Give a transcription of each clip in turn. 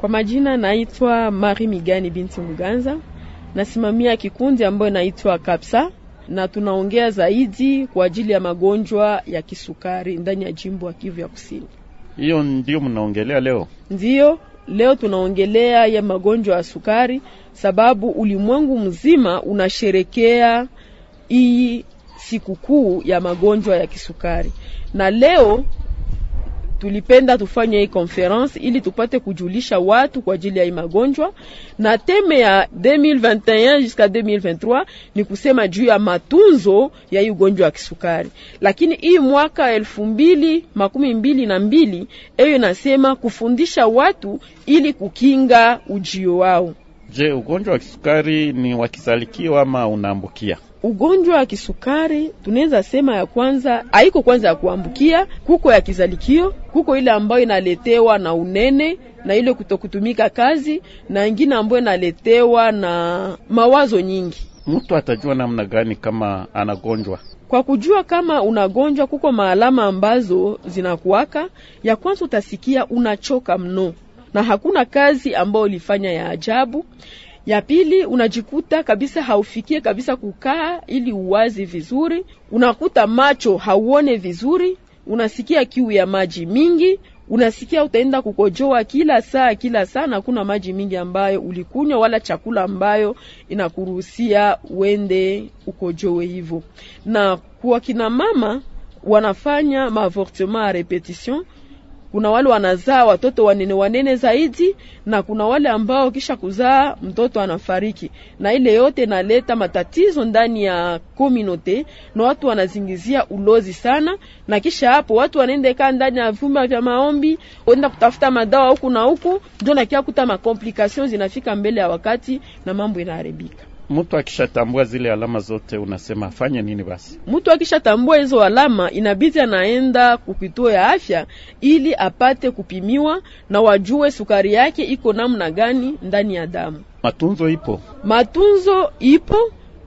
Kwa majina naitwa Mari Migani binti Muganza, nasimamia kikundi ambayo inaitwa Kapsa na tunaongea zaidi kwa ajili ya magonjwa ya kisukari ndani ya jimbo ya Kivu ya Kusini. Hiyo ndio mnaongelea leo? Ndiyo, leo tunaongelea ya magonjwa ya sukari, sababu ulimwengu mzima unasherekea hii sikukuu ya magonjwa ya kisukari, na leo tulipenda tufanye hii conference ili tupate kujulisha watu kwa ajili ya hii magonjwa, na teme ya 2021 jusqu'à 2023 ni kusema juu ya matunzo ya hii ugonjwa wa kisukari. Lakini hii mwaka elfu mbili makumi mbili na mbili eyo inasema kufundisha watu ili kukinga ujio wao. Je, ugonjwa wa kisukari ni wakizalikiwa ama unaambukia? Ugonjwa wa kisukari tunaweza sema ya kwanza haiko kwanza ya kuambukia, kuko ya kizalikio, kuko ile ambayo inaletewa na unene na ile kutokutumika kazi, na ingine ambayo inaletewa na mawazo nyingi. Mtu atajua namna gani kama anagonjwa? Kwa kujua kama unagonjwa, kuko maalama ambazo zinakuwaka. Ya kwanza utasikia unachoka mno na hakuna kazi ambayo ulifanya ya ajabu. Ya pili unajikuta kabisa haufikie kabisa kukaa ili uwazi vizuri, unakuta macho hauone vizuri, unasikia kiu ya maji mingi, unasikia utaenda kukojoa kila saa kila saa, na kuna maji mingi ambayo ulikunywa wala chakula ambayo inakuruhusia uende ukojoe hivyo. Na kwa kina mama wanafanya maavortement a repetition kuna wale wanazaa watoto wanene wanene zaidi, na kuna wale ambao kisha kuzaa mtoto anafariki, na ile yote naleta matatizo ndani ya komunote, na watu wanazingizia ulozi sana, na kisha hapo watu kaa ndani ya vyumba vya maombi, wenda kutafuta madawa huku na huku, ndio nakia kuta makomplikasion zinafika mbele ya wakati na mambo inaharibika mtu akishatambua zile alama zote, unasema afanye nini? Basi mtu akishatambua hizo alama, inabidi anaenda kukituo ya afya ili apate kupimiwa na wajue sukari yake iko namna gani ndani ya damu. Matunzo ipo, matunzo ipo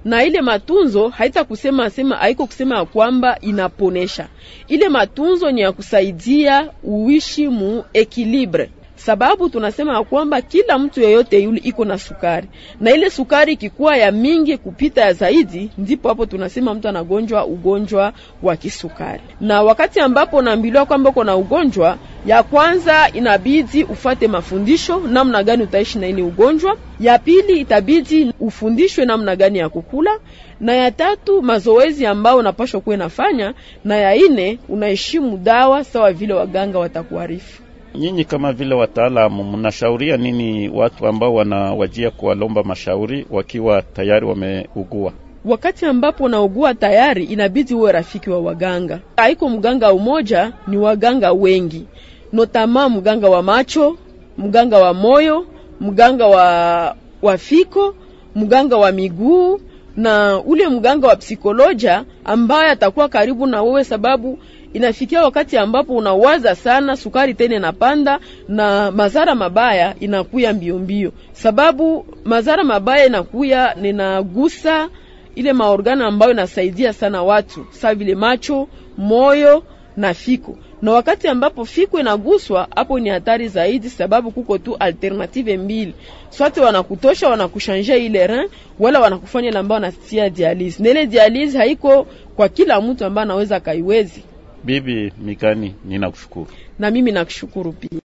na ile matunzo haita kusema sema haiko kusema ya kwamba inaponesha. Ile matunzo ni ya kusaidia uishi mu ekilibre sababu tunasema ya kwamba kila mtu yeyote yule iko na sukari, na ile sukari ikikuwa ya mingi kupita ya zaidi, ndipo hapo tunasema mtu anagonjwa ugonjwa wa kisukari. Na wakati ambapo unaambiliwa kwamba uko na ugonjwa, ya kwanza inabidi ufate mafundisho namna gani utaishi na ile ugonjwa. Ya pili itabidi ufundishwe namna gani ya kukula, na ya tatu mazoezi ambayo unapashwa kuwe nafanya, na ya nne unaheshimu dawa sawa vile waganga watakuarifu nyinyi kama vile wataalamu mnashauria nini watu ambao wanawajia kuwalomba mashauri wakiwa tayari wameugua? Wakati ambapo unaugua tayari, inabidi uwe rafiki wa waganga. Haiko mganga umoja, ni waganga wengi, notama mganga wa macho, mganga wa moyo, mganga wa wa fiko, mganga wa miguu na ule mganga wa psikoloja ambaye atakuwa karibu na wewe, sababu inafikia wakati ambapo unawaza sana, sukari tena inapanda na madhara mabaya inakuya mbio mbio, sababu madhara mabaya inakuya ninagusa ile maorgana ambayo inasaidia sana watu saa vile macho, moyo na fiku na wakati ambapo fiku inaguswa, hapo ni hatari zaidi, sababu kuko tu alternative mbili, swate wanakutosha wanakushanja ile rein, wala wanakufanya ile ambayo wanatia dialyse. Na ile dialysis haiko kwa kila mtu ambaye anaweza kaiwezi. Bibi Mikani, ninakushukuru. Na mimi nakushukuru pia.